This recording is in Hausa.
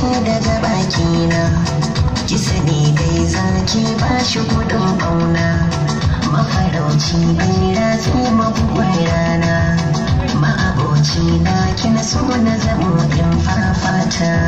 ko daga na kisa ne dai zaki ba shi kudin bauna mafarauci bai ratsi mabuwar rana ma'aboci na kina so na zamo ɗin fafata